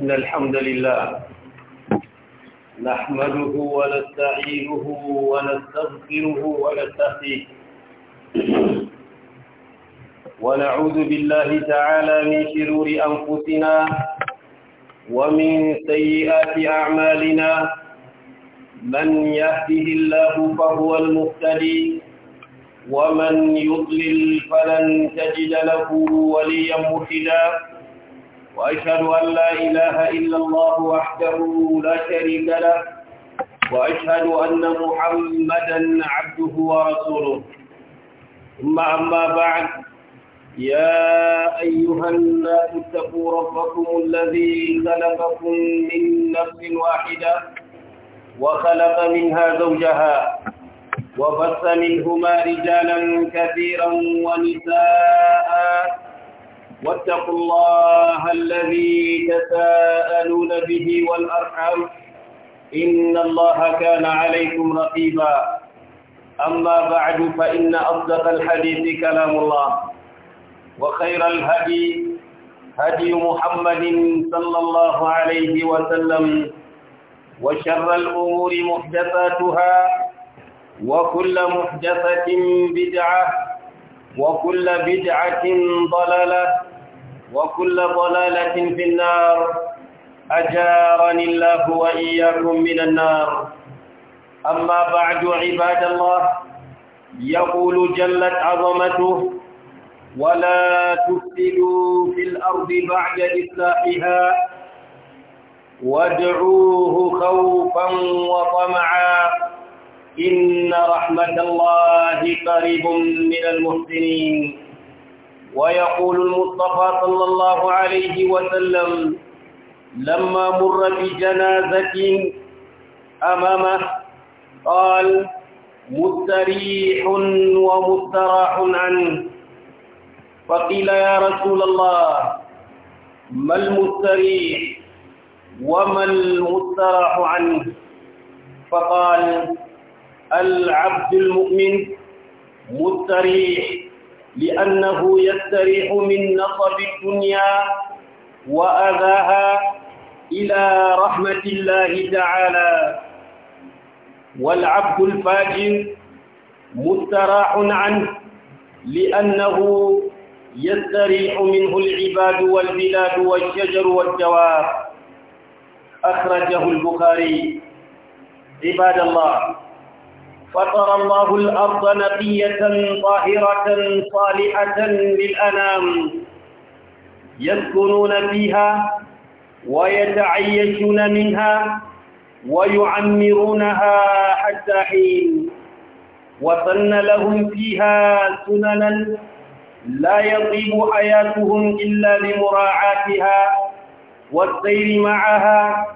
إن الحمد لله نحمده ونستعينه ونستغفره ونستهديه ونعوذ بالله تعالى من شرور أنفسنا ومن سيئات أعمالنا من يهده الله فهو المهتدي ومن يضلل فلن تجد له وليا مرشدا وأشهد أن لا إله إلا الله وحده لا شريك له وأشهد أن محمدا عبده ورسوله ثم أما بعد يا أيها الناس اتقوا ربكم الذي خلقكم من نفس واحدة وخلق منها زوجها وبث منهما رجالا كثيرا ونساء واتقوا الله الذي تساءلون به والأرحم إن الله كان عليكم رقيبا أما بعد فإن أصدق الحديث كلام الله وخير الهدي هدي محمد صلى الله عليه وسلم وشر الأمور محدثاتها وكل محدثة بدعة وكل بدعة ضلالة وكل ضلالة في النار أجارني الله وإياكم من النار أما بعد عباد الله يقول جلت عظمته ولا تفسدوا في الأرض بعد إصلاحها وادعوه خوفا وطمعا إن رحمة الله قريب من المحسنين ويقول المصطفى صلى الله عليه وسلم لما مر بجنازة أمامه قال مستريح ومستراح عنه فقيل يا رسول الله ما المستريح وما المستراح عنه فقال العبد المؤمن مستريح لأنه يستريح من نصب الدنيا وأذاها إلى رحمة الله تعالى والعبد الفاجر مستراح عنه لأنه يستريح منه العباد والبلاد والشجر والجوار أخرجه البخاري عباد الله فطر الله الأرض نقية طاهرة صالحة للأنام يسكنون فيها ويتعيشون منها ويعمرونها حتى حين وسن لهم فيها سننا لا يطيب حياتهم إلا لمراعاتها والسير معها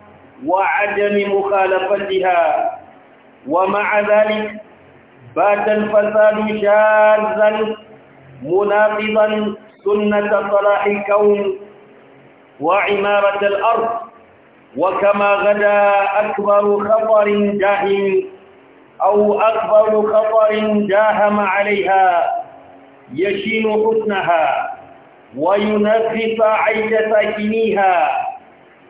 وعدم مخالفتها ومع ذلك بات الفساد شاذا مناقضا سنة صلاح الكون وعمارة الأرض وكما غدا أكبر خطر جاهم أو أكبر خطر جاهم عليها يشين حسنها وينفس عيش ساكنيها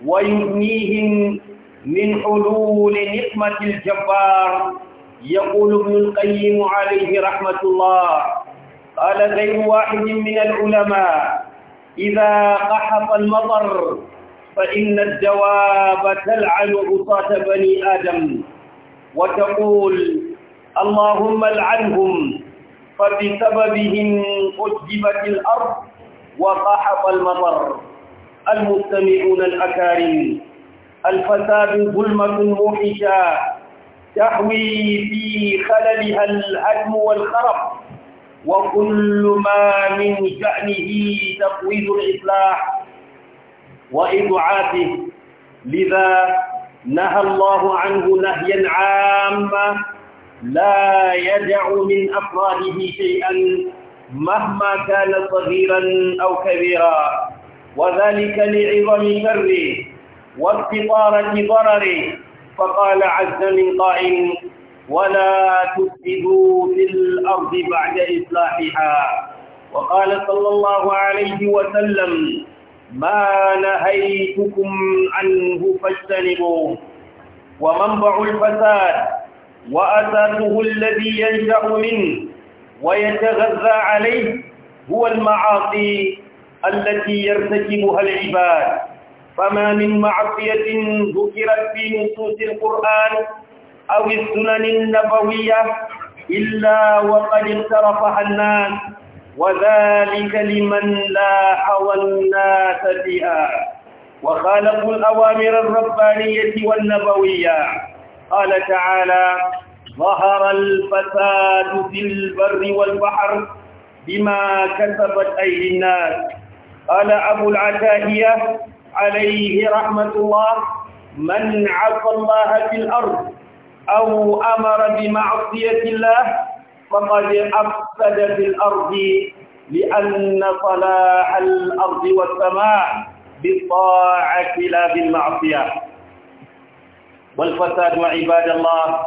ويبنيهم من حلول نقمة الجبار يقول ابن القيم عليه رحمة الله قال غير واحد من العلماء إذا قحط المطر فإن الدواب تلعن عصاة بني آدم وتقول اللهم العنهم فبسببهم أجبت الأرض وقحط المطر المستمعون الأكارم الفساد ظلمة موحشة تحوي في خللها الهدم والخرب وكل ما من شأنه تقويض الإصلاح وإضعافه لذا نهى الله عنه نهيا عاما لا يدع من أفراده شيئا مهما كان صغيرا أو كبيرا وذلك لعظم شره وانتظارة ضرره فقال عز من قائل ولا تفسدوا في الأرض بعد إصلاحها وقال صلى الله عليه وسلم ما نهيتكم عنه فاجتنبوه ومنبع الفساد وأساسه الذي ينشأ منه ويتغذى عليه هو المعاصي التي يرتكبها العباد فما من معصية ذكرت في نصوص القرآن أو السنن النبوية إلا وقد اقترفها الناس وذلك لمن لاحظ الناس بها وخالقوا الأوامر الربانية والنبوية قال تعالى ظهر الفساد في البر والبحر بما كسبت أيدي الناس قال أبو العتاهية عليه رحمة الله من عصى الله في الأرض أو أمر بمعصية الله فقد أفسد في الأرض لأن صلاح الأرض والسماء بالطاعة لا بالمعصية والفساد عباد الله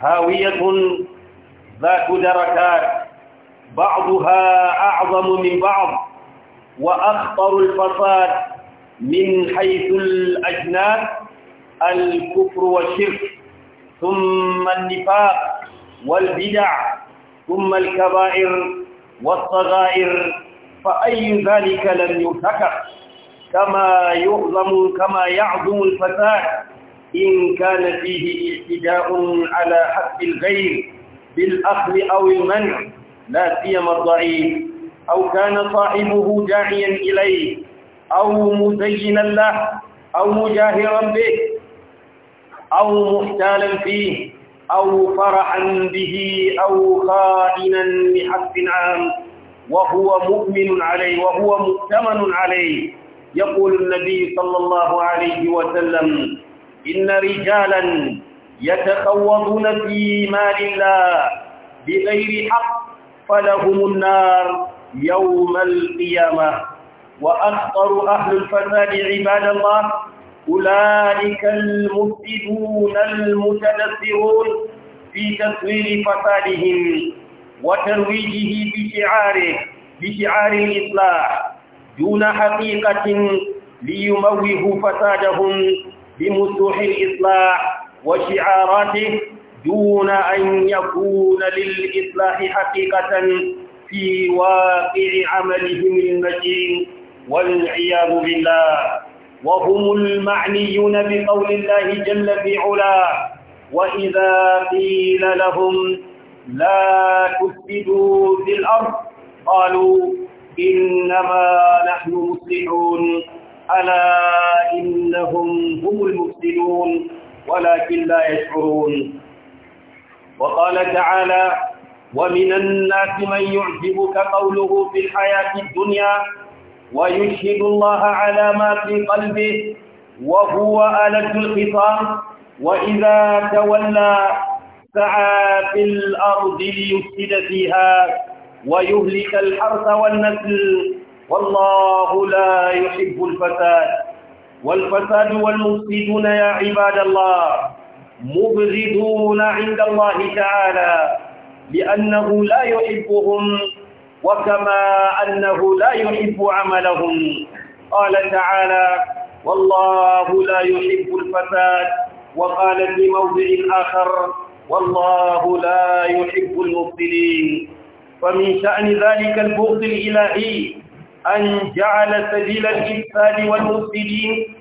هاوية ذات دركات بعضها أعظم من بعض وأخطر الفساد من حيث الأجناد الكفر والشرك ثم النفاق والبدع ثم الكبائر والصغائر فأي ذلك لم يرتكب كما يعظم كما يعظم الفساد إن كان فيه اعتداء على حق الغير بالأخذ أو المنع لا سيما الضعيف أو كان صاحبه داعيا إليه أو مزينا له أو مجاهرا به أو محتالا فيه أو فرحا به أو خائنا لحق عام وهو مؤمن عليه وهو مؤتمن عليه يقول النبي صلى الله عليه وسلم إن رجالا يتخوضون في مال الله بغير حق فلهم النار يوم القيامة وأخطر أهل الفساد عباد الله أولئك المفسدون المتنفرون في تصوير فسادهم وترويجه بشعاره بشعار الإصلاح دون حقيقة ليموهوا فسادهم بمسوح الإصلاح وشعاراته دون أن يكون للإصلاح حقيقة في واقع عملهم المجيد والعياذ بالله وهم المعنيون بقول الله جل في علاه وإذا قيل لهم لا تفسدوا في الأرض قالوا إنما نحن مصلحون ألا إنهم هم المفسدون ولكن لا يشعرون وقال تعالى ومن الناس من يعجبك قوله في الحياة الدنيا ويشهد الله على ما في قلبه وهو ألد الخصام وإذا تولى سعى في الأرض ليفسد فيها ويهلك الحرث والنسل والله لا يحب الفساد والفساد والمفسدون يا عباد الله مبغضون عند الله تعالى لأنه لا يحبهم وكما أنه لا يحب عملهم قال تعالى والله لا يحب الفساد وقال في موضع آخر والله لا يحب المبطلين فمن شأن ذلك البغض الإلهي أن جعل سبيل الإفساد والمبطلين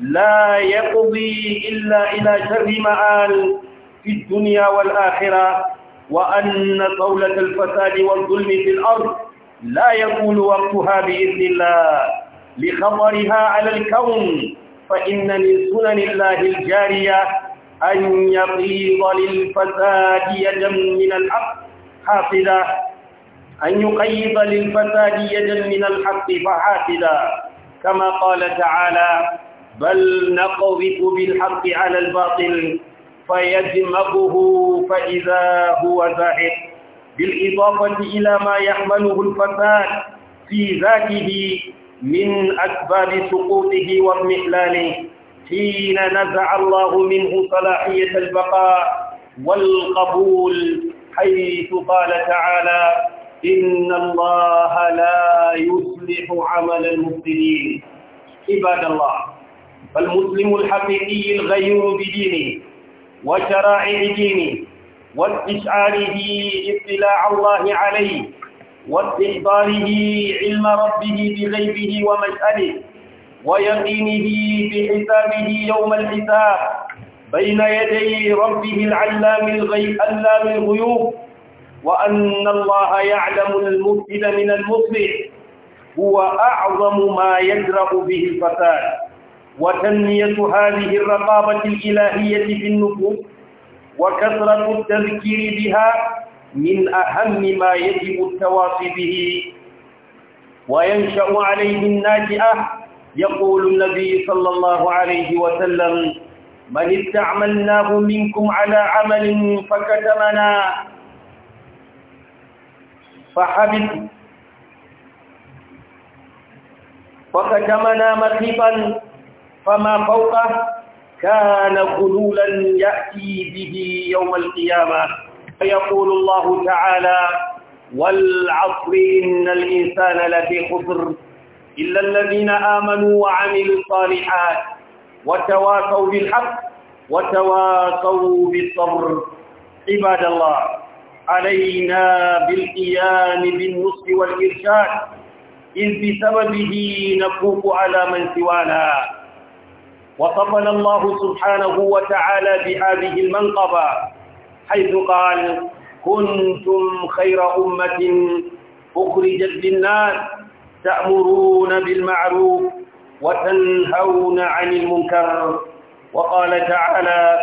لا يقضي إلا إلى شر مآل في الدنيا والآخرة وأن طولة الفساد والظلم في الأرض لا يكون وقتها بإذن الله لخطرها على الكون فإن من سنن الله الجارية أن يقيض للفساد يدا من الحق حافلا أن يقيض للفساد يدا من الحق فحافلا كما قال تعالى بل نقذف بالحق على الباطل فيدمغه فإذا هو زاهد بالإضافة إلى ما يحمله الفساد في ذاته من أسباب سقوطه واضمحلاله حين نزع الله منه صلاحية البقاء والقبول حيث قال تعالى إن الله لا يصلح عمل المفسدين عباد الله فالمسلم الحقيقي الغيور بدينه وشرائع دينه واستشعاره اطلاع الله عليه واستحضاره علم ربه بغيبه ومسأله ويقينه بحسابه يوم الحساب بين يدي ربه العلام الغيب علام الغيوب وأن الله يعلم المفسد من المصلح هو أعظم ما يجرأ به الفساد وتنمية هذه الرقابة الإلهية في النفوس وكثرة التذكير بها من أهم ما يجب التواصي به وينشأ عليه الناجئة يقول النبي صلى الله عليه وسلم من استعملناه منكم على عمل فكتمنا فحبس فكتمنا مخيفا فما فوقه كان غلولا يأتي به يوم القيامة فيقول الله تعالى والعصر إن الإنسان لفي خسر إلا الذين آمنوا وعملوا الصالحات وتواصوا بالحق وتواصوا بالصبر عباد الله علينا بالقيام بالنصح والإرشاد إذ بسببه نفوق على من سوانا وصفنا الله سبحانه وتعالى بهذه المنقبة حيث قال كنتم خير أمة أخرجت للناس تأمرون بالمعروف وتنهون عن المنكر وقال تعالى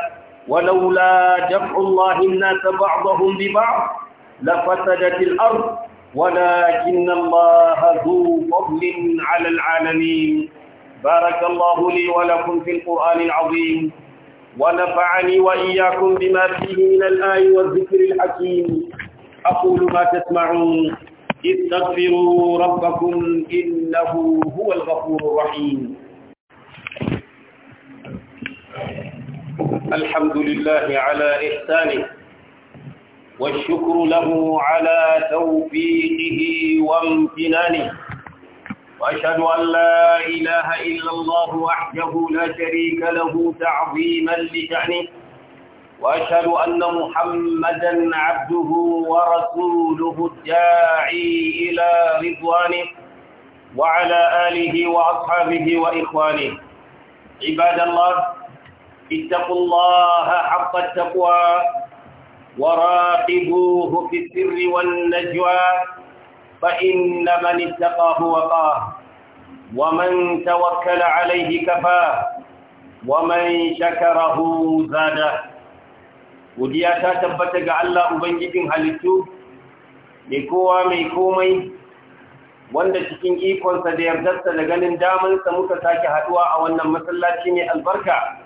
ولولا جمع الله الناس بعضهم ببعض لفسدت الأرض ولكن الله ذو فضل على العالمين بارك الله لي ولكم في القرآن العظيم ونفعني وإياكم بما فيه من الآي والذكر الحكيم أقول ما تسمعون استغفروا ربكم إنه هو الغفور الرحيم الحمد لله على إحسانه والشكر له على توفيقه وامتنانه وأشهد أن لا إله إلا الله وحده لا شريك له تعظيما لشأنه وأشهد أن محمدا عبده ورسوله الداعي إلى رضوانه وعلى آله وأصحابه وإخوانه عباد الله اتقوا الله حق التقوى وراقبوه في السر والنجوى فإن من اتقاه وقاه ومن توكل عليه كفاه ومن شكره زاده godiya ta tabbata ga Allah ubangijin halittu mai kowa mai komai wanda cikin ikonsa da yardarsa da ganin damansa muka sake haduwa a wannan masallaci mai albarka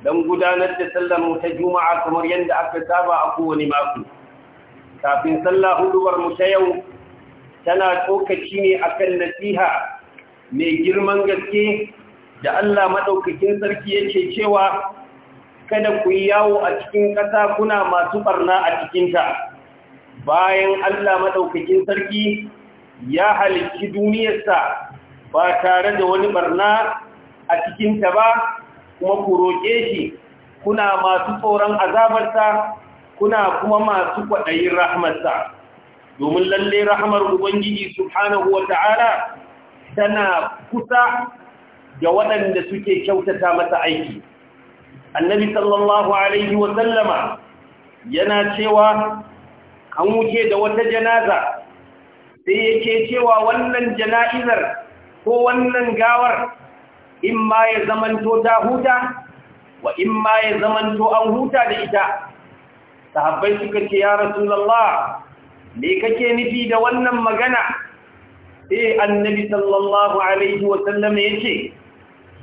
don gudanar da sallar mu ta juma'a kamar yadda aka saba a kowane mako kafin sallah hudubar mu ta yau tana tsokaci ne a kan nasiha mai girman gaske da Allah maɗaukakin sarki yake cewa kada ku yi yawo a cikin ƙasa kuna masu ɓarna a cikinta bayan Allah maɗaukakin sarki ya halicci duniyarsa ba tare da wani ɓarna a cikinta ba kuma ku roƙe shi kuna masu tsoron azabarsa kuna kuma masu kwaɗayin rahmarsa domin lalle rahamar ubangiji subhanahu ta'ala tana kusa da waɗanda suke kyautata masa aiki annabi sallallahu alaihi wa sallama yana cewa an wuce da wata janaza sai yake cewa wannan jana'izar ko wannan gawar in ma ya zamanto ta huta wa in ma ya zamanto an huta da ita sahabbai suka ce ya rasulullah me kake nufi da wannan magana eh annabi sallallahu alaihi wasallam yace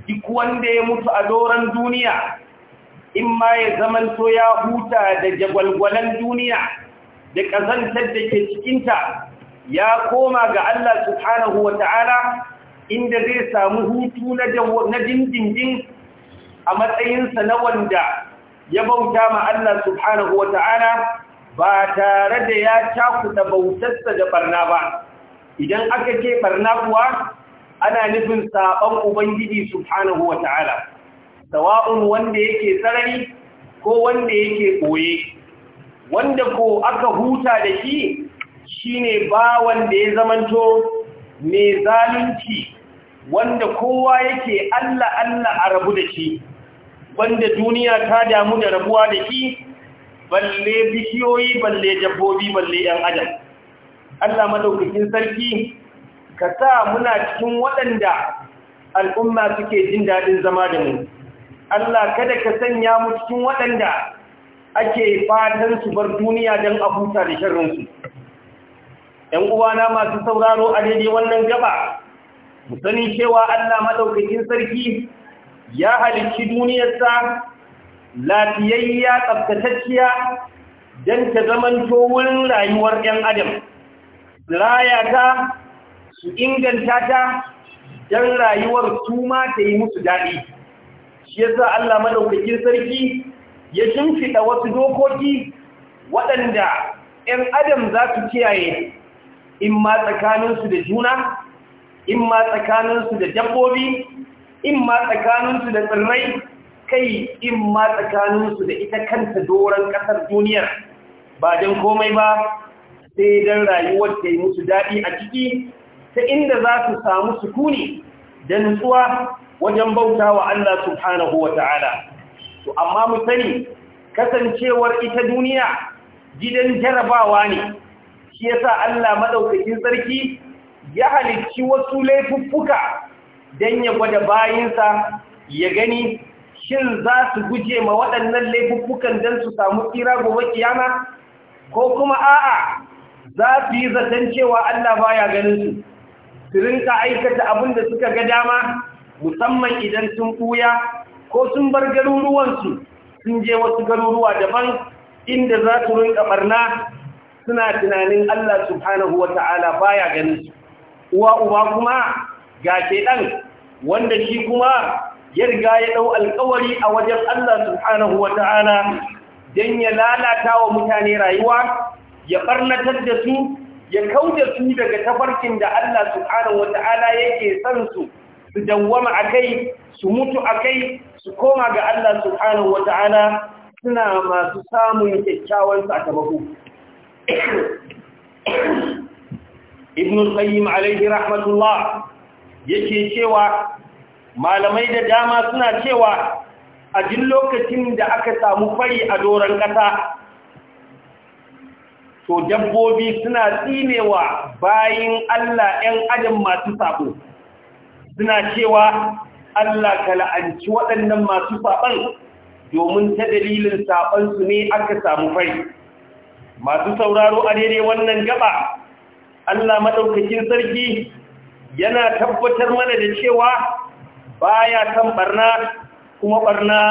duk wanda ya mutu a doran duniya in ma ya zamanto ya huta da jagwalgwalan duniya da kazantar da ke cikinta ya koma ga Allah subhanahu wata'ala inda zai samu hutu na dindindin a matsayinsa na wanda ya bauta ma Allah subhanahu wata'ala ba tare da ya cakuta bautarsa da barna ba idan aka ce barna kuwa ana nufin saɓon ubangiji subhanahu wa ta'ala sawa'un wanda yake sarari ko wanda yake ɓoye wanda ko aka huta da shi shine ba wanda ya zamanto mai zalunci wanda kowa yake Allah Allah a rabu da shi wanda duniya ta damu da rabuwa da shi balle bishiyoyi balle dabbobi balle 'yan adam Allah madaukakin sarki ka sa muna cikin waɗanda al'umma suke jin daɗin zama da mu Allah kada ka sanya mu cikin waɗanda ake fatan su bar duniya don a huta da sharrinsu ‘yan uwana masu sauraro a daidai wannan gaba mu sani cewa Allah madaukakin sarki ya halicci duniyarsa lafiyayya tsaftatacciya don ta zamanto wurin rayuwar 'yan adam raya ta su inganta ta don rayuwar su ta yi musu daɗi shi yasa Allah maɗaukakin sarki ya shimfiɗa wasu dokoki waɗanda 'yan adam za su kiyaye in ma tsakaninsu da juna in ma tsakaninsu da dabbobi in ma tsakaninsu da tsirrai kai in ma tsakaninsu da ita kanta doron ƙasar duniyar ba don komai ba sai don rayuwar ta yi musu daɗi a ciki ta inda za su samu sukuni da nutsuwa wajen bauta wa Allah subhanahu wa ta'ala. To, amma mu sani kasancewar ita duniya gidan jarabawa ne, shi ya sa Allah maɗaukakin sarki ya halicci wasu laifuffuka don ya gwada bayinsa ya gani shin za su guje ma waɗannan laifuffukan don su samu tsira gobe kiyama ko kuma a'a za su yi zaton cewa Allah baya ganin su su rinka aikata abin da suka ga dama musamman idan sun ɓuya ko sun bar garuruwansu sun je wasu garuruwa daban inda za su rinka ɓarna suna tunanin Allah subhanahu wa ta'ala baya ganin su uwa uba kuma ga ɗan, wanda shi kuma ya riga ya ɗau alƙawari a wajen Allah subhanahu wata'ala dan ya lalata wa mutane rayuwa ya ɓarnatar da su ya kauda su daga tafarkin da Allah subhanahu yake son su su dawwama akai su mutu akai su koma ga Allah subhanahu suna masu samun kyakkyawan sakamako ibn al-qayyim alayhi rahmatullah yake cewa malamai da dama suna cewa a jin lokacin da aka samu fari a doron ƙasa to dabbobi suna tsinewa bayin Allah ‘yan adam masu sabo suna cewa Allah ka la'anci waɗannan masu saɓon domin ta dalilin saɓonsu ne aka samu fari masu sauraro a daidai wannan gaba Allah maɗaukakin sarki yana tabbatar mana da cewa baya kan barna kuma barna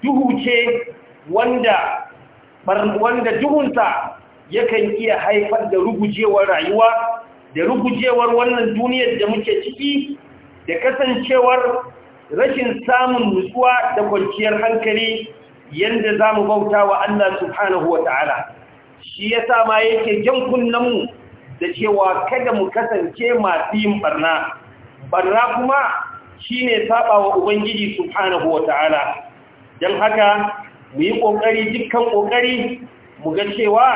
duhu ce wanda wanda duhunta yakan iya haifar da rugujewar rayuwa da rugujewar wannan duniyar da muke ciki da kasancewar rashin samun nutsuwa da kwanciyar hankali yadda za mu bauta wa Allah subhanahu wa shi ya ma yake jan kunnanmu da cewa kada mu kasance masu yin barna barna kuma shine saba wa ubangiji subhanahu ta’ala, Don haka mu yi ƙoƙari, dukkan ƙoƙari mu ga cewa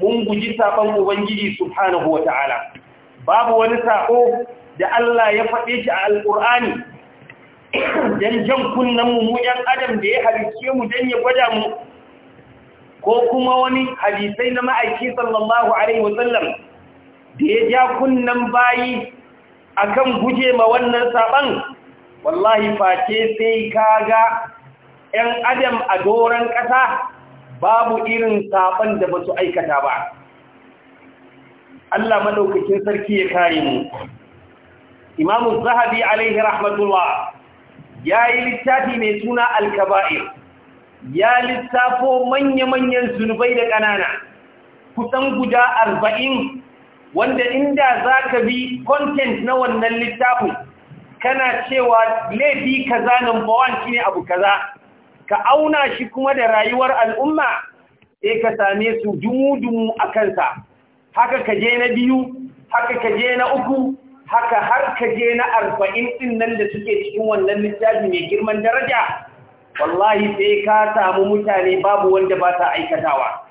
mun guji saban ubangiji subhanahu ta’ala. babu wani sako da Allah ya faɗe shi a Al’ur'ani, don jan kunnan mu mu yan adam da ya halice mu don ya gwada mu ko kuma wani hadisai na ma'aiki sallallahu alaihi wasallam da ya ja kunnan bayi akan guje ma wannan saban wallahi face sai kaga 'yan adam a doron ƙasa babu irin saban da ba su aikata ba Allah madaukakin sarki ya kare mu Imam Zahabi alaihi rahmatullah yi littafi mai suna Alkaba'ir, ya lissafo manya-manyan zunubai da ƙanana kusan guda arba'in wanda inda za ka bi content na wannan littafin kana cewa laifi kaza nan bawan ne abu kaza ka auna shi kuma da rayuwar al'umma sai ka same su dumu-dumu a kansa haka ka je na biyu haka ka je na uku haka har ka je na arba'in ɗin nan da suke cikin wannan littafi mai girman daraja wallahi sai ka samu mutane babu wanda ba ta aikatawa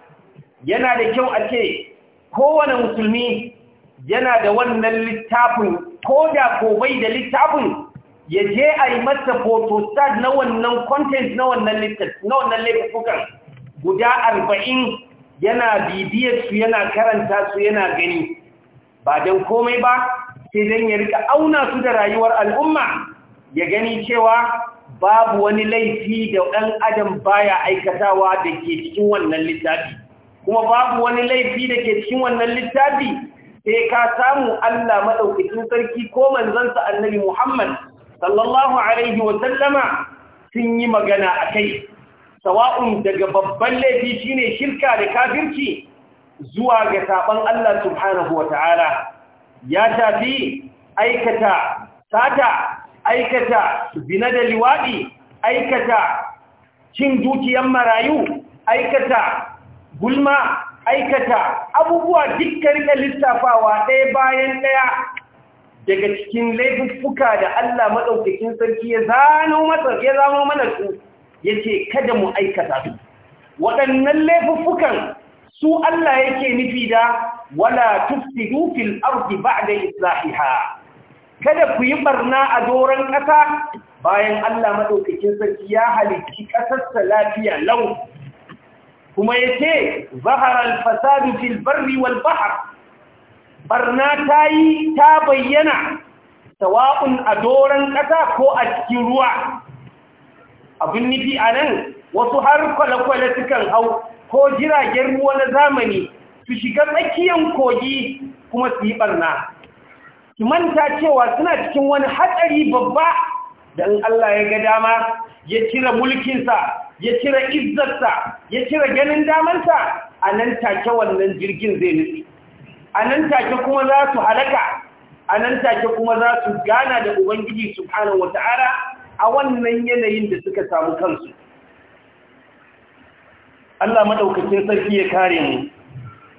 yana da kyau a ce kowane musulmi yana da wannan littafin ko da ko da littafin ya je a yi masa photostat na wannan content na wannan laifukan guda arba'in yana bibiyar su yana karanta su yana gani ba don komai ba sai don ya rika auna su da rayuwar al'umma ya gani cewa babu wani laifi da ɗan adam baya aikatawa da ke cikin wannan littafi kuma babu wani laifi da ke cikin wannan littafi sai ka samu Allah madaukakin sarki ko manzansa annabi Muhammad sallallahu alaihi wa sallama sun yi magana akai sawa'un daga babban laifi shine shirka da kafirci zuwa ga saban Allah subhanahu wa ya tafi aikata sata aikata zina da liwaɗi aikata cin dukiyan marayu aikata gulma aikata abubuwa dukkan rika lissafawa ɗaya bayan ɗaya daga cikin laifuffuka da Allah maɗaukakin sarki ya zano ya zamo yace kada mu aikata su waɗannan laifuffukan su Allah yake nufi da wala tufsidu fil ardi ba'da islahiha kada ku yi barna a doron ƙasa bayan Allah maɗaukakin sarki ya halicci ƙasarsa lafiya lau kuma yace zahara al-fasadu fil barri wal bahr barna tayi ta bayyana sawa'un a doron ƙasa ko a cikin ruwa Abin nufi anan wasu har kwale-kwale sukan hau ko jiragen ruwa na zamani su shiga tsakiyar kogi kuma su yi barna su manta cewa suna cikin wani hatsari babba da in Allah ya ga dama ya cire mulkinsa ya cire izzarsa ya cire ganin damansa a nan take wannan jirgin zai nufi a nan take kuma za su halaka a nan take kuma za su gana da ubangiji subhanahu wata'ala a wannan yanayin da suka samu kansu Allah maɗaukacin sarki ya kare mu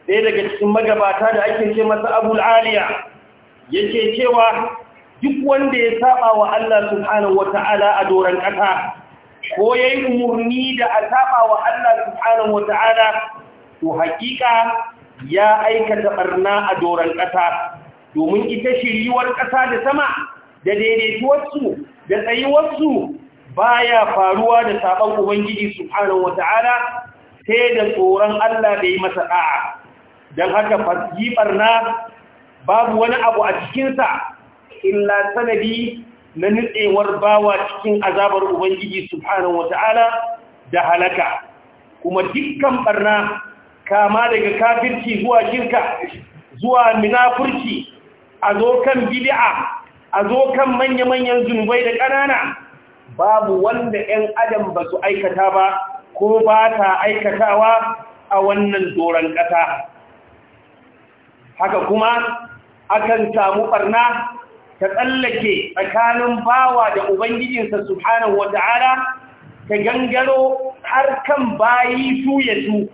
ɗaya daga cikin magabata da ake ce masa abul aliya yake cewa duk wanda ya saba wa Allah subhanahu wata'ala a doron ƙasa ko ya yi umarni da a taɓa wa Allah subhanahu wa ta'ala to hakika ya aikata ɓarna a doron ƙasa domin ita shiriwar ƙasa da sama da daidaituwarsu da tsayuwarsu baya faruwa da saban ubangiji subhanahu wa ta'ala sai da tsoron Allah da yi masa da'a don haka fasibar na babu wani abu a cikinsa illa sanadi na nutsewar bawa cikin azabar ubangiji subhanahu wata'ala da halaka kuma dukkan barna kama daga kafirci zuwa shirka zuwa minafurci a zo kan bid'a a zo kan manya-manyan zunubai da ƙanana babu wanda 'yan adam ba su aikata ba ko ba ta aikatawa a wannan doron ƙasa haka kuma akan samu ɓarna ta tsallake tsakanin bawa da ubangijinsa subhanahu ta'ala ta gangaro har kan bayi su ya su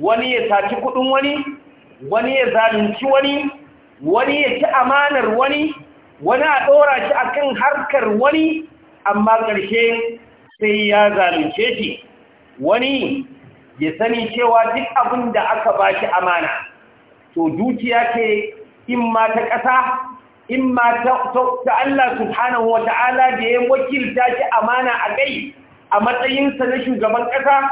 wani ya saci kudin wani wani ya zalunci wani wani ya ci amanar wani wani a ɗora shi akan harkar wani amma ƙarshe sai ya zalunce shi wani ya sani cewa duk abin da aka ba shi amana to dukiya ke in ma ta ƙasa In ma ta Allah subhanahu wa ta'ala da ya wakilta ki amana a kai a matsayinsa na shugaban ƙasa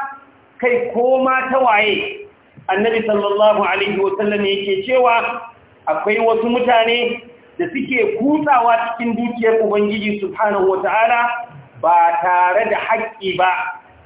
kai koma ta waye annabi sallallahu alaihi wasallam yake cewa akwai wasu mutane da suke kutsawa cikin dukiyar ubangiji subhanahu wa ta'ala ba tare da haƙƙi ba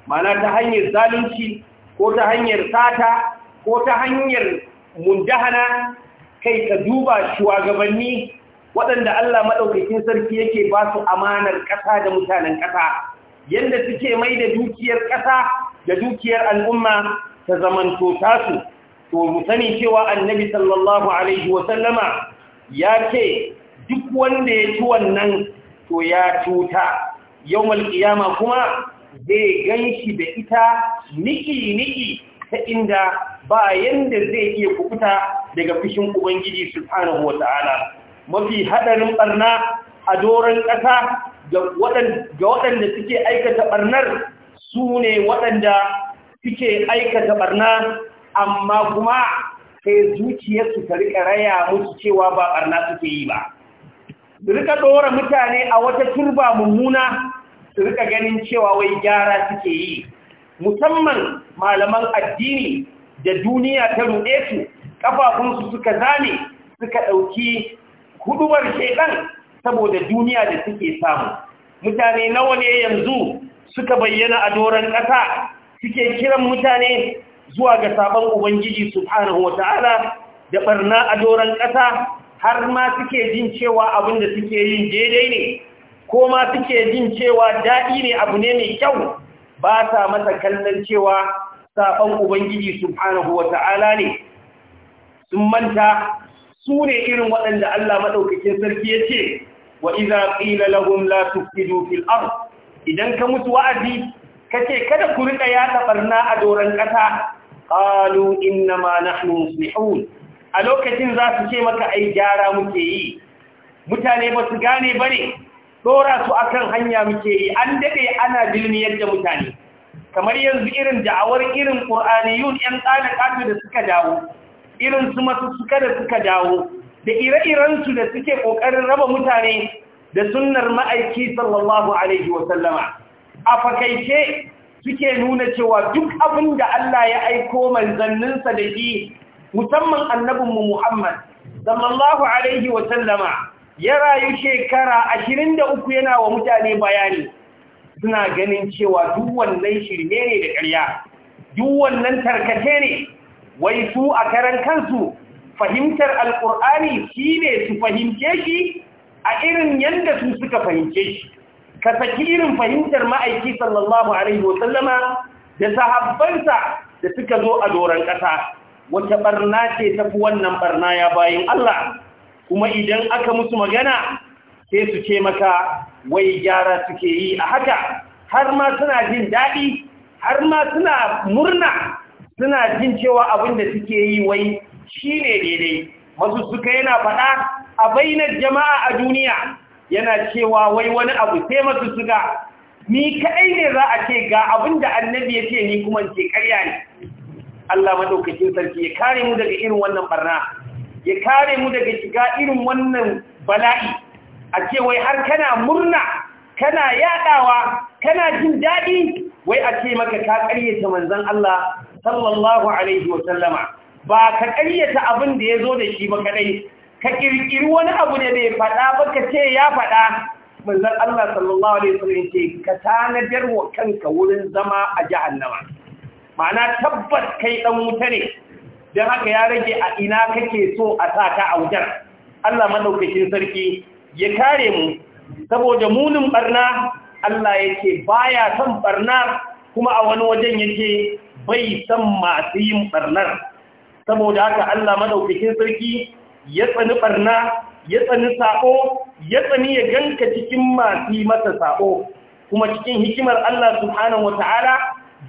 mana ta hanyar zalunci ko ta hanyar sata ko ta hanyar mundahana kai ka duba shugabanni waɗanda Allah maɗaukakin sarki yake ba su amanar ƙasa da mutanen ƙasa yadda suke mai da dukiyar ƙasa da dukiyar al'umma ta zamanto tasu to mu sani cewa annabi sallallahu alaihi wasallama ya ce duk wanda ya ci wannan to ya cuta Yau, qiyama kuma zai ganshi da ita niki niki ta inda ba yanda zai iya kubuta daga fushin ubangiji subhanahu wataala mafi haɗarin ɓarna a doron ƙasa ga waɗanda suke aikata ɓarnar su ne waɗanda suke aikata ɓarna amma kuma sai zuciyarsu ta riƙa raya musu cewa ba ɓarna suke yi ba su rika ɗora mutane a wata turba mummuna su rika ganin cewa wai gyara suke yi musamman malaman addini da duniya ta ruɗe su ƙafafunsu suka zane suka ɗauki hudubar shaidan saboda duniya da suke samu mutane nawa ne yanzu suka bayyana a doron ƙasa suke kiran mutane zuwa ga sabon ubangiji subhanahu wata'ala da barna a doron ƙasa har ma suke jin cewa abin da suke yin daidai ne ko ma suke jin cewa daɗi ne abu ne mai kyau ba sa masa kallon cewa sabon ubangiji subhanahu wata'ala ne sun manta su ne irin waɗanda Allah maɗaukakin sarki ya ce wa iza ƙila lahum la tufsidu fil idan ka mutu wa'azi kace kada ku ya yaɗa barna a doron ƙasa qalu inna ma nahnu muslihun a lokacin za su ce maka ai gyara muke yi mutane ba su gane ba ne ɗora su akan hanya muke yi an daɗe ana dilmiyar da mutane kamar yanzu irin da'awar irin ƙur'aniyun 'yan ƙana ƙafi da suka dawo irin su masu suka da suka dawo da ire-irensu da suke ƙoƙarin raba mutane da sunnar ma'aiki sallallahu alaihi wasallama a fakaice suke nuna cewa duk abin da Allah ya aiko manzanninsa da shi musamman annabinmu Muhammad sallallahu alaihi wasallama ya rayu shekara uku yana wa mutane bayani suna ganin cewa duk wannan shirme ne da ƙarya duk wannan tarkace ne wai su a karan kansu fahimtar alkur'ani shine su fahimce shi a irin yadda su suka fahimce shi ka saki irin fahimtar ma'aiki sallallahu alaihi wasallama da sahabbansa da suka zo a doron ƙasa wata barna ce tafi wannan barna ya bayan Allah kuma idan aka musu magana sai su ce maka wai gyara suke yi a haka har ma suna jin daɗi har ma suna murna suna jin cewa abin da suke yi wai shi ne daidai masu suka yana faɗa a bainar jama'a a duniya yana cewa wai wani abu sai masu suka ni kaɗai ne za a ce ga abin da annabi ya ce ni kuma ce karya ne Allah maɗaukacin sarki ya kare mu daga irin wannan barna ya kare mu daga shiga irin wannan bala'i a ce wai har kana murna kana yaɗawa kana jin daɗi wai a ce maka ka ƙaryata manzan Allah sallallahu alaihi wasallama ba ka ƙaryata abin da ya zo da shi ba kaɗai ka ƙirƙiri wani abu ne bai faɗa ba ka ce ya faɗa manzan Allah sallallahu alaihi wasallam ce ka tanadar wa kanka wurin zama a jahannama ma'ana tabbas kai ɗan wuta ne don haka ya rage a ina kake so a sa ka a wutar Allah madaukakin sarki ya kare mu saboda munin barna Allah yake baya son barna kuma a wani wajen yake bai san masu yin ɓarnar saboda haka Allah madaukakin sarki ya tsani ɓarna, ya tsani sa'o ya tsani ya ganka cikin masu yi masa sa'o kuma cikin hikimar Allah subhanahu wata'ala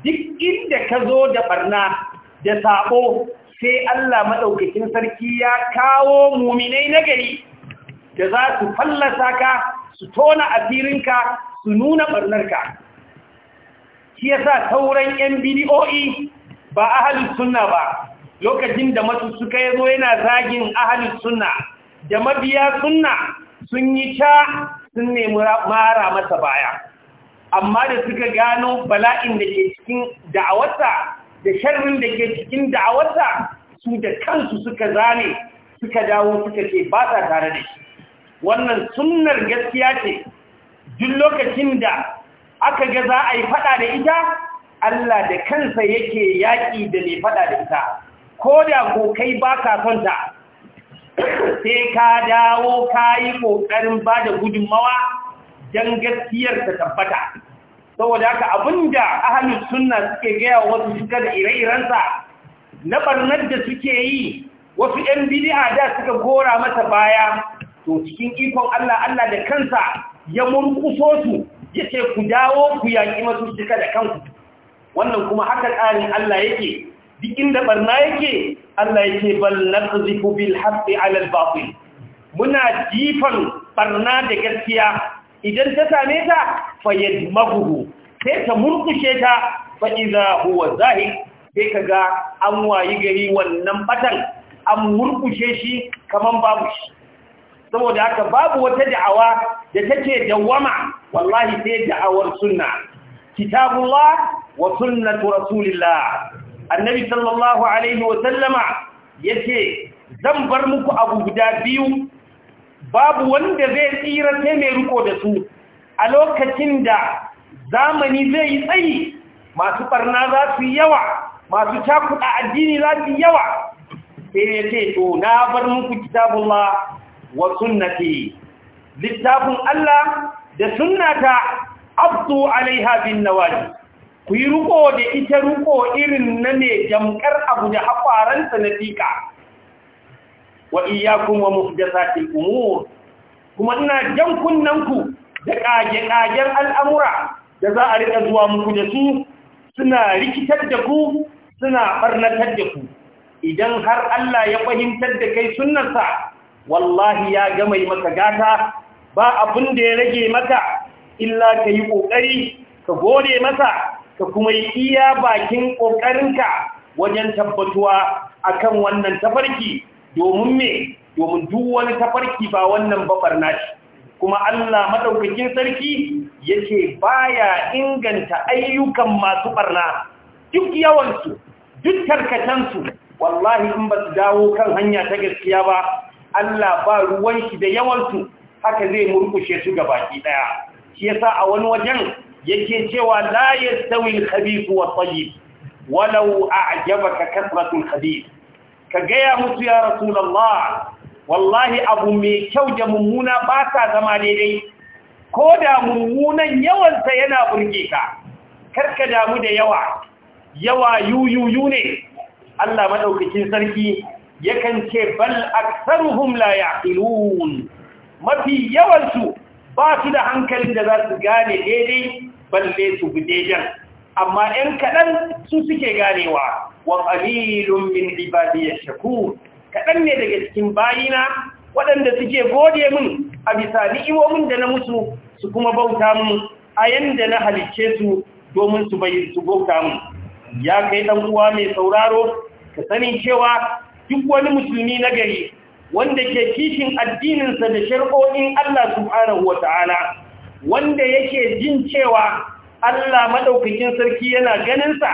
duk inda ka zo da ɓarna da sa'o sai Allah madaukakin sarki ya kawo muminai na gari da za su fallasa ka su tona asirinka su nuna ɓarnarka shi yasa sauran yan bidi'o'i ba ahalus suna ba lokacin da masu suka yazo yana zagin ahalus suna da mabiya suna sun yi ca sun nemi mara masa baya amma da suka gano bala'in da ke cikin da'awarsa da sharrin da ke cikin da'awarsa su da kansu suka zane suka dawo suka ce ba sa tare da shi wannan sunnar gaskiya ce duk lokacin da aka ga za a yi fada da ita Allah da kansa yake yaƙi da mai fada da ita ko da ko kai ba ka son ta sai ka dawo ka yi ƙoƙarin ba da gudunmawa don gaskiyar ta tabbata saboda haka abinda ahalin sunna suke gaya wasu suka da ire-irensa na barnar da suke yi wasu 'yan bidi'a da suka gora mata baya to cikin ikon Allah Allah da kansa ya murkuso su ya ce ku dawo ku yaƙi cika da kanku wannan kuma haka tsarin Allah yake duk inda barna yake Allah yake bal naqzifu bil haqqi ala al batil muna jifan barna da gaskiya idan ta same ta fayadmahu sai ta murkushe ta fa idza huwa zahir sai kaga an wayi gari wannan batan an murkushe shi kaman babu shi saboda haka babu wata da'awa da take dawama wallahi sai da'awar sunna kitabullah wa sunnatu rasulillah annabi sallallahu alaihi wa sallama yace zan bar muku abu guda biyu babu wanda zai tsira sai mai riko da su a lokacin da zamani zai yi tsayi masu barna za su yawa masu cakuɗa addini za su yawa sai to na bar muku kitabullah wa sunnati littafin Allah da sunnata abdu alaiha bin nawaji ku yi ruko da ita ruko irin na ne jamkar abu da haƙwaransa na fika wa iyakun wa muhdasatil umur kuma ina jan kunnanku da ƙage-ƙagen al'amura da za a riƙa zuwa muku da su suna rikitar da ku suna ɓarnatar da ku idan har Allah ya fahimtar da kai sunnarsa wallahi ya gama yi maka gata ba abin da ya rage maka illa ka yi ƙoƙari ka gode masa ka kuma yi iya bakin ƙoƙarinka wajen tabbatuwa akan wannan tafarki domin me domin duk wani tafarki ba wannan bafar nashi kuma Allah madaukakin sarki ya ce baya inganta ayyukan masu barna duk yawansu duk tarkatansu wallahi in ba su dawo kan hanya ta gaskiya ba Allah ba ruwan shi da yawansu haka zai murkushe su ga baki daya shi yasa a wani wajen yake cewa la yastawi al-khabith wa tayyib walau a'jabaka kathratu al-khabith ka gaya musu ya rasulullah wallahi abu mai kyau da mummuna ba sa zama daidai ko da mummunan yawansa yana burge ka karka damu da yawa yawa yuyuyu ne Allah madaukakin sarki yakan ce bal aktsaruhum la yaqilun mafi yawansu ba su da hankalin da za su gane daidai balle su bi amma ɗan kaɗan su suke ganewa wa qalilun min ya shaku. kaɗan ne daga cikin bayina waɗanda suke gode min a bisa ni'imomin da na musu su kuma bauta min a yanda na halicce su domin su bai su bauta min ya kai ɗan uwa mai sauraro ka sani cewa duk wani musulmi na gari wanda ke kishin addininsa da shari'o'in Allah subhanahu wata'ala wanda yake jin cewa Allah madaukakin sarki yana ganinsa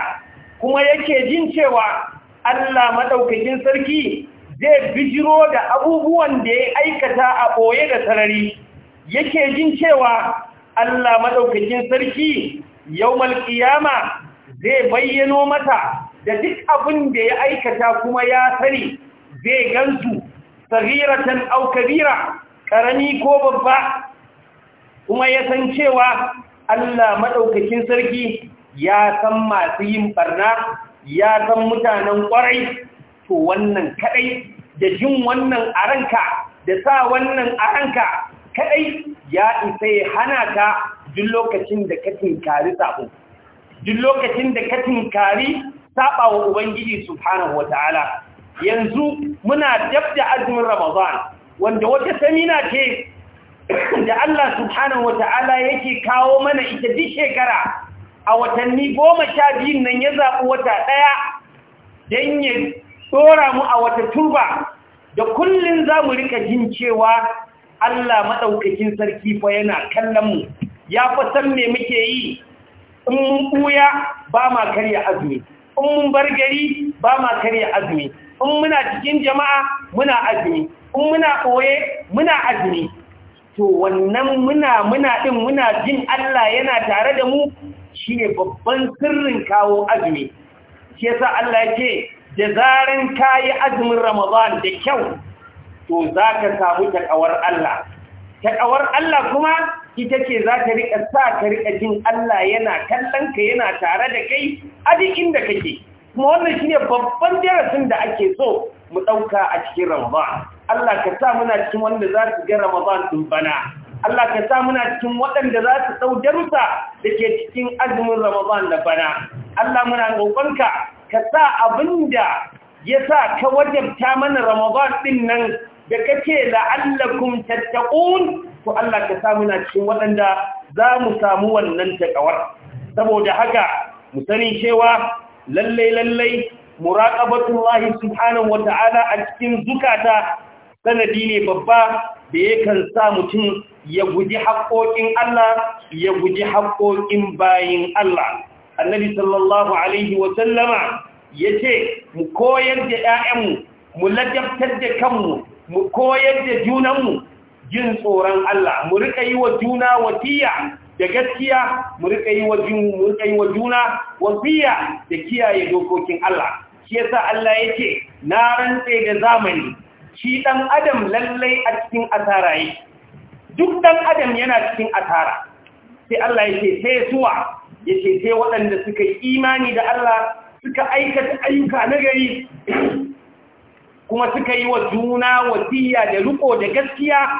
kuma yake jin cewa Allah madaukakin sarki zai bijiro da abubuwan da ya aikata a ɓoye da sarari yake jin cewa Allah madaukakin sarki yawmal qiyama zai bayyano mata da duk abin da ya aikata kuma ya sani zai gansu sahiratan au kabira karami ko babba kuma ya san cewa Allah madaukakin sarki ya san masu yin barna ya san mutanen ƙwarai to wannan kaɗai, da jin wannan a ranka da sa wannan a ranka kadai ya isa ya hana ka duk lokacin da ka kari sabo duk lokacin da ka tinkari saba wa ubangiji subhanahu wataala yanzu muna dab da azumin ramadan wanda wata samina ce da Allah subhanahu wataala yake kawo mana ita duk shekara a watanni goma sha biyun nan ya zaɓi wata ɗaya don ya tsora mu a wata turba da kullum za mu rika jin cewa Allah maɗaukakin sarki fa yana kallon mu ya fa san me muke yi in mun ɓuya ba ma karya azumi in mun bar gari ba ma karya azumi in muna cikin jama'a muna azumi in muna ɓoye muna azumi to wannan muna muna ɗin muna jin Allah yana tare da mu shi ne babban sirrin kawo azumi shi yasa Allah ya ce da zaran kayi azumin Ramadan da kyau to zaka samu takawar Allah taƙawar Allah kuma ita ce za ta riƙa sa ka riƙa jin Allah yana kallon ka yana tare da kai a duk inda kake kuma wannan ne babban darasin da ake so mu ɗauka a cikin Ramadan Allah ka sa muna cikin wanda za su ga Ramadan ɗin bana Allah ka sa muna cikin waɗanda za su ɗau darusa da ke cikin azumin Ramadan da bana Allah muna roƙonka ka sa abin da ya sa ka wajabta mana Ramadan ɗin nan da kace la'allakum tattaqun to Allah ka samu na cikin waɗanda za mu samu wannan takawar saboda haka mu sani cewa lalle lalle muraqabatullahi subhanahu wata'ala a cikin zukata sanadi ne babba da yakan sa mutum ya guji haƙoƙin Allah ya guji haƙoƙin bayin Allah annabi sallallahu alaihi wa sallama ya ce mu koyar da ‘ya'yanmu mu ladabtar da kanmu mu koyar da junanmu jin tsoron Allah mu rika yi wa juna wasiya da gaskiya mu rika yi wa juna wafiya da kiyaye dokokin Allah shi yasa Allah yake na rantse da zamani shi ɗan adam lallai a cikin asara yake duk ɗan adam yana cikin asara sai Allah yake sai suwa yake sai waɗanda suka yi imani da Allah suka aikata ayyuka na gari kuma suka yi wa juna wasiya da riko da gaskiya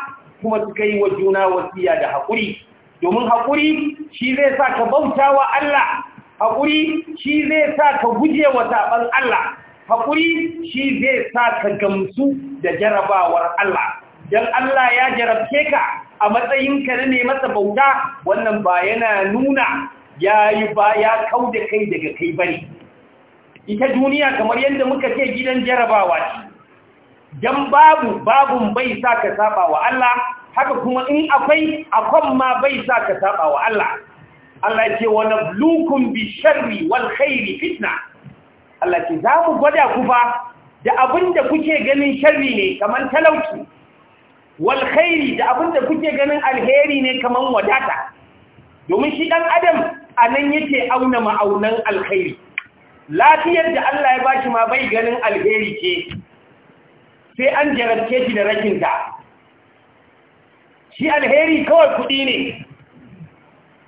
kuma suka yi wa juna wasiya da haƙuri domin haƙuri shi zai sa ka bauta wa Allah haƙuri shi zai sa ka guje wa zaɓen Allah haƙuri shi zai sa ka gamsu da jarabawar Allah dan Allah ya jarabce ka a matsayin na ne masa bauta wannan ba yana nuna ya yi ba ya kau da kai daga kai bane ita duniya kamar yadda muka ce gidan jarabawa ce Idan babu babun bai sa ka saba wa Allah haka kuma in akwai akon ma bai sa ka saba wa Allah Allah ce wa nablukum bi sharri wal khairi fitna Allah ce za mu gwada ku ba da abinda kuke ganin sharri ne kamar talauci wal khairi da abinda kuke ganin alheri ne kaman wadata domin shi dan adam anan yake auna ma'aunan alkhairi lafiyar da Allah ya bashi ma bai ganin alheri ce sai an jarabce shi da rakinta shi alheri kawai kuɗi ne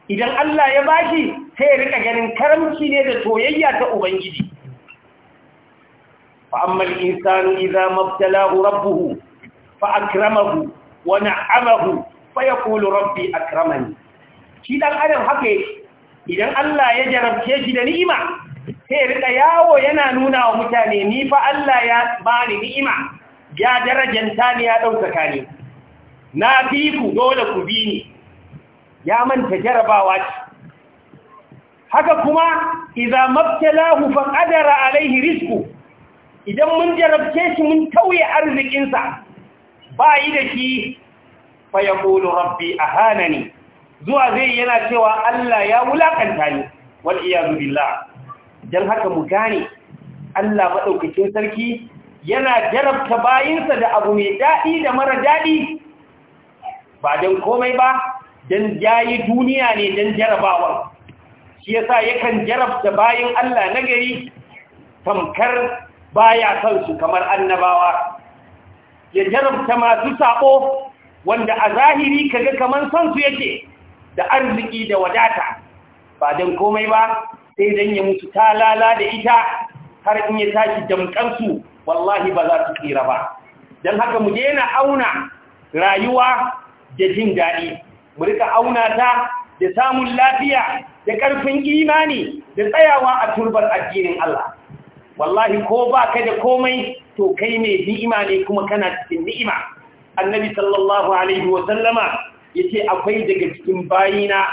idan Allah ya bashi sai ya rika ganin karamci ne da soyayya ta ubangiji fa amma insanu idza mabtalahu rabbuhu fa akramahu wa na'amahu fa yaqulu rabbi akramani shi dan adam haka idan Allah ya jarabce shi da ni'ima sai rika yawo yana nuna wa mutane ni fa Allah ya bani ni'ima ya darajanta ni ya ɗaukaka ni na fi ku dole ku bi ni ya manta jarabawa ce haka kuma idza mabtalahu fa qadara alaihi rizqu idan mun jarabce shi mun tauye arzikinsa ba yi da shi fa yaqulu rabbi ahanani zuwa zai yana cewa Allah ya wulakanta ni wal billah dan haka mu gane Allah madaukakin sarki yana jarabta bayinsa da abu mai daɗi da mara daɗi ba don komai ba don yi duniya ne don jarabawar shi yasa yakan jarabta bayin Allah na gari tamkar baya kansu kamar annabawa ya jarabta masu sabo wanda a zahiri kaga kamar su yake da arziki da wadata ba don komai ba sai don ya mutu ta lala da ita har in ya tashi damkansu wallahi ba za su tsira ba don haka mu daina auna rayuwa da jin daɗi mu rika auna ta da samun lafiya da ƙarfin imani da tsayawa a turbar addinin Allah wallahi ko ba ka da komai to kai ne ni'ima ne kuma kana cikin ni'ima annabi sallallahu alaihi wa sallama yace akwai daga cikin bayina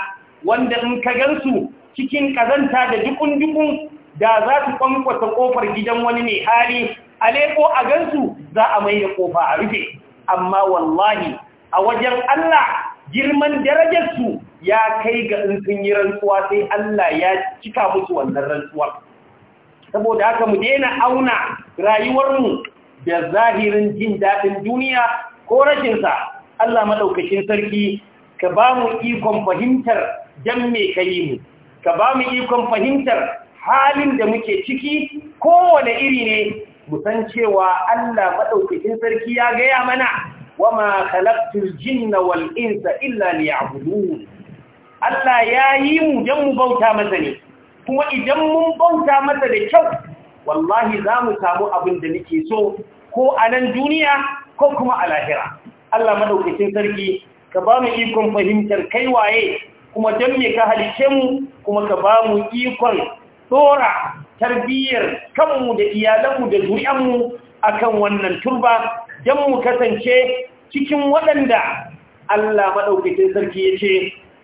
wanda in ka gansu cikin kazanta da dukun dukun da za su kwankwata kofar gidan wani mai hali a a gansu za a mai da kofa a rufe amma wallahi a wajen Allah girman darajarsu ya kai ga in sun yi rantsuwa sai Allah ya cika musu wannan rantsuwar saboda haka mu daina auna rayuwarmu da zahirin jin daɗin duniya ko rashinsa Allah maɗaukacin sarki ka ba mu ikon fahimtar jan me ka yi mu ka ba mu ikon fahimtar halin da muke ciki kowane iri ne musan cewa Allah maɗaukakin sarki ya gaya mana wa ma khalaqtul jinna wal insa illa liya'budun Allah ya yi mu dan mu bauta masa ne kuma idan mun bauta masa da kyau wallahi za mu samu abin da nake so ko a nan duniya ko kuma a lahira Allah maɗaukakin sarki ka ba mu ikon fahimtar kai waye kuma don me ka halice mu kuma ka ba mu ikon Tsora tarbiyyar kanmu da iyalanmu da zuri'anmu akan wannan turba don mu kasance cikin waɗanda Allah maɗaukacin sarki ya ce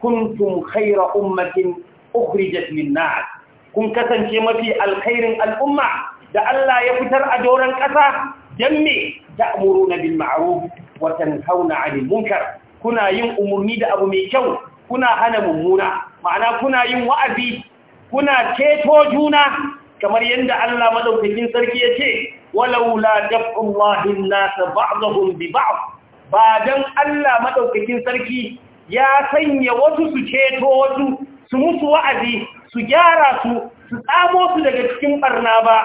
kuntum khaira ummatin ukhrijat lin-nas kun kasance mafi alkhairin al'umma da Allah ya fitar a doron ƙasa don me ta'muruna bil ma'ruf wa tanhauna 'anil munkar kuna yin umurni da abu mai kyau kuna hana mummuna ma'ana kuna yin wa'azi kuna ceto juna kamar yadda Allah madaukakin sarki ya ce walaula daf'ullahi nasa ba'dahum bi ba'd ba dan Allah madaukakin sarki ya sanya wasu su ceto wasu su musu wa'azi su gyara su su tsamo su daga cikin barna ba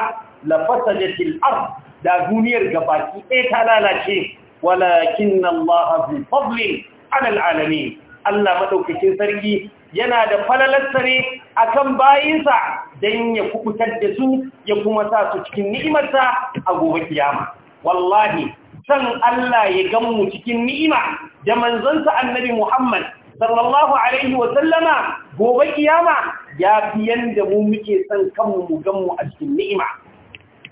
la da ard da duniyar gabaki ɗaya ta lalace walakin Allah bi fadli ala alamin Allah madaukakin sarki yana da falalarsa a kan bayinsa don ya kukutar da su ya kuma sa su cikin ni'imarsa a gobe kiyama wallahi san Allah ya gammu cikin ni'ima da manzansa annabi Muhammad sallallahu alaihi gobe kiyama ya fi yanda mu muke san kanmu mu gammu a cikin ni'ima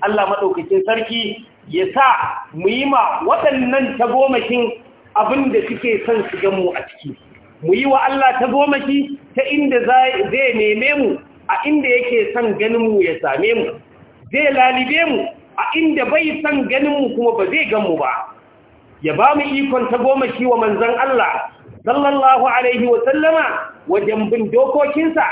Allah madaukakin sarki ya sa mu yi ma waɗannan tagomashin abin da suke son su gammu a ciki mu yi wa Allah ta gomaki ta inda zai neme mu a inda yake son ganin mu ya same mu zai lalibe mu a inda bai san ganin mu kuma ba zai gan ba ya ba mu ikon ta gomaki wa manzon Allah sallallahu alaihi wa sallama wajen bin dokokinsa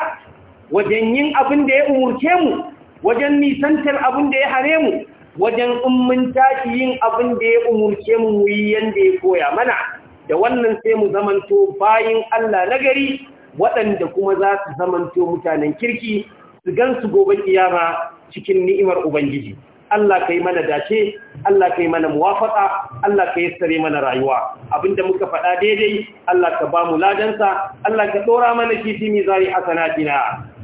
wajen yin abin da ya umurce mu wajen nisantar abin da ya hare mu wajen in mun tashi yin abin da ya umurce mu yi yanda ya koya mana da wannan sai mu zamanto bayin Allah na gari waɗanda kuma za su zamanto mutanen kirki su gansu gobe iyama cikin ni'imar ubangiji Allah kai mana dace Allah kai mana muwafaka Allah ka yassare mana rayuwa abinda muka faɗa daidai Allah ka ba mu ladansa Allah ka ɗora mana kifi mizari hasanatina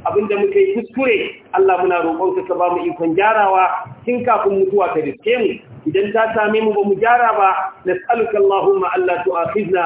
abinda muka yi kuskure Allah muna roƙon ka ba mu ikon gyarawa kin kafin mutuwa ka riske mu idan ta same mu ba mu gyara ba nas'aluka Allahumma alla tu'akhidna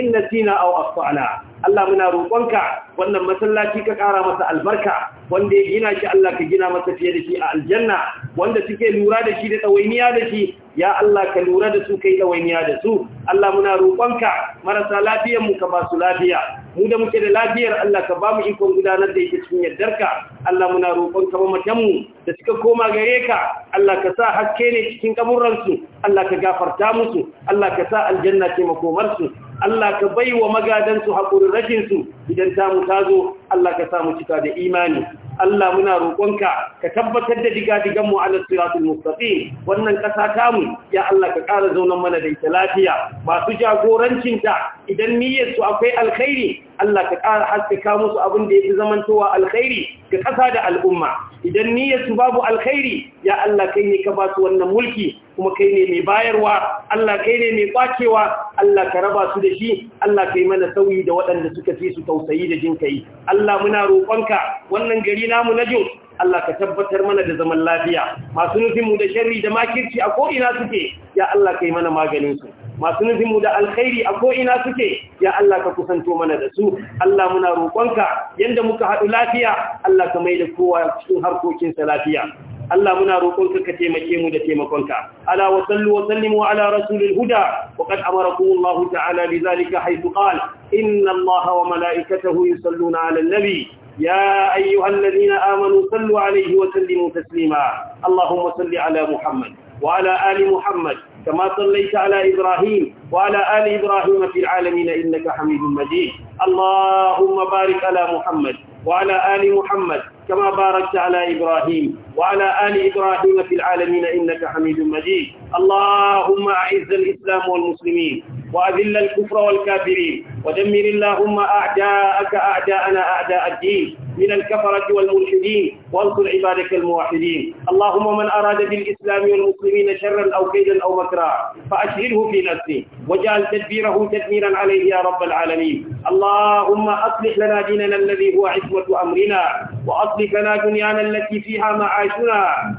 in nasina aw akhtana Allah muna roƙonka wannan masallaci ka ƙara masa albarka wanda ya gina shi Allah ka gina masa fiye da shi a aljanna wanda suke lura da shi da tsawainiya da shi ya Allah ka lura da su kai tsawainiya da su Allah muna roƙonka marasa lafiyar mu ka ba su lafiya mu da muke da lafiyar Allah ka ba mu ikon gudanar da yake cikin yardarka Allah muna roƙon ka ba mu da suka koma gare ka Allah ka sa haske ne cikin kaburransu Allah ka gafarta musu Allah ka sa aljanna ce makomarsu Allah ka bai wa magadansu haƙurin rashinsu idan ta ta tazo Allah ka sa mu cika da imani Allah muna roƙonka ka tabbatar da diga-digan mu ala siratul mustaqim wannan ƙasa tamu ya Allah ka ƙara zaunan mana da ita lafiya masu jagorancinta idan niyyar su akwai alkhairi Allah ka ƙara haskaka musu abin da yake zamantowa alkhairi ga ƙasa da al'umma idan niyyar su babu alkhairi ya Allah kai ne ka ba su wannan mulki kuma kai ne mai bayarwa Allah kai ne mai kwacewa Allah ka raba su da shi Allah kai mana sauyi da waɗanda suka fi su tausayi da jinkai Allah muna roƙonka wannan gari Ina namu na jos Allah ka tabbatar mana da zaman lafiya masu nufinmu da sharri da makirci a ko'ina suke ya Allah ka yi mana maganinsu masu nufinmu da alkhairi a ko'ina suke ya Allah ka kusanto mana da su Allah muna roƙonka yadda muka haɗu lafiya Allah ka mai da kowa cikin harkokinsa lafiya Allah muna roƙonka ka taimake mu da taimakonka ala wa sallu wa sallimu ala rasulil huda wa qad amarakum Allah ta'ala bi zalika haythu qala inna Allah wa malaikatahu yusalluna ala an-nabi يا أيها الذين آمنوا صلوا عليه وسلموا تسليما اللهم صل على محمد وعلى آل محمد كما صليت على إبراهيم وعلى آل إبراهيم في العالمين إنك حميد مجيد اللهم بارك على محمد وعلى آل محمد كما باركت على إبراهيم وعلى آل إبراهيم في العالمين إنك حميد مجيد اللهم أعز الإسلام والمسلمين وأذل الكفر والكافرين ودمر اللهم أعداءك أعداءنا أعداء الدين من الكفرة والملحدين وانصر عبادك الموحدين اللهم من أراد بالإسلام والمسلمين شرا أو كيدا أو مكرا فأشغله في نفسه وجعل تدبيره تدميرا عليه يا رب العالمين اللهم أصلح لنا ديننا الذي هو عصمة أمرنا وأصلح لنا دنيانا التي فيها معاشنا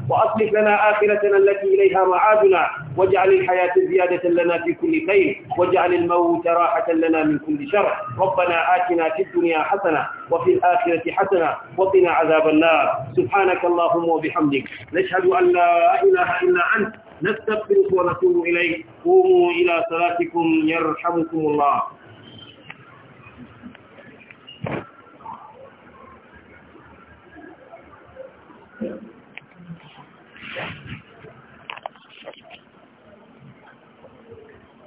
وأصلح لنا آخرتنا التي إليها معادنا واجعل الحياة زيادة لنا في كل خير واجعل الموت راحة لنا من كل كل شر ربنا آتنا في الدنيا حسنة وفي الآخرة حسنة وقنا عذاب النار سبحانك اللهم وبحمدك نشهد أن لا إله إلا أنت نستغفرك ونتوب إليك قوموا إلى صلاتكم يرحمكم الله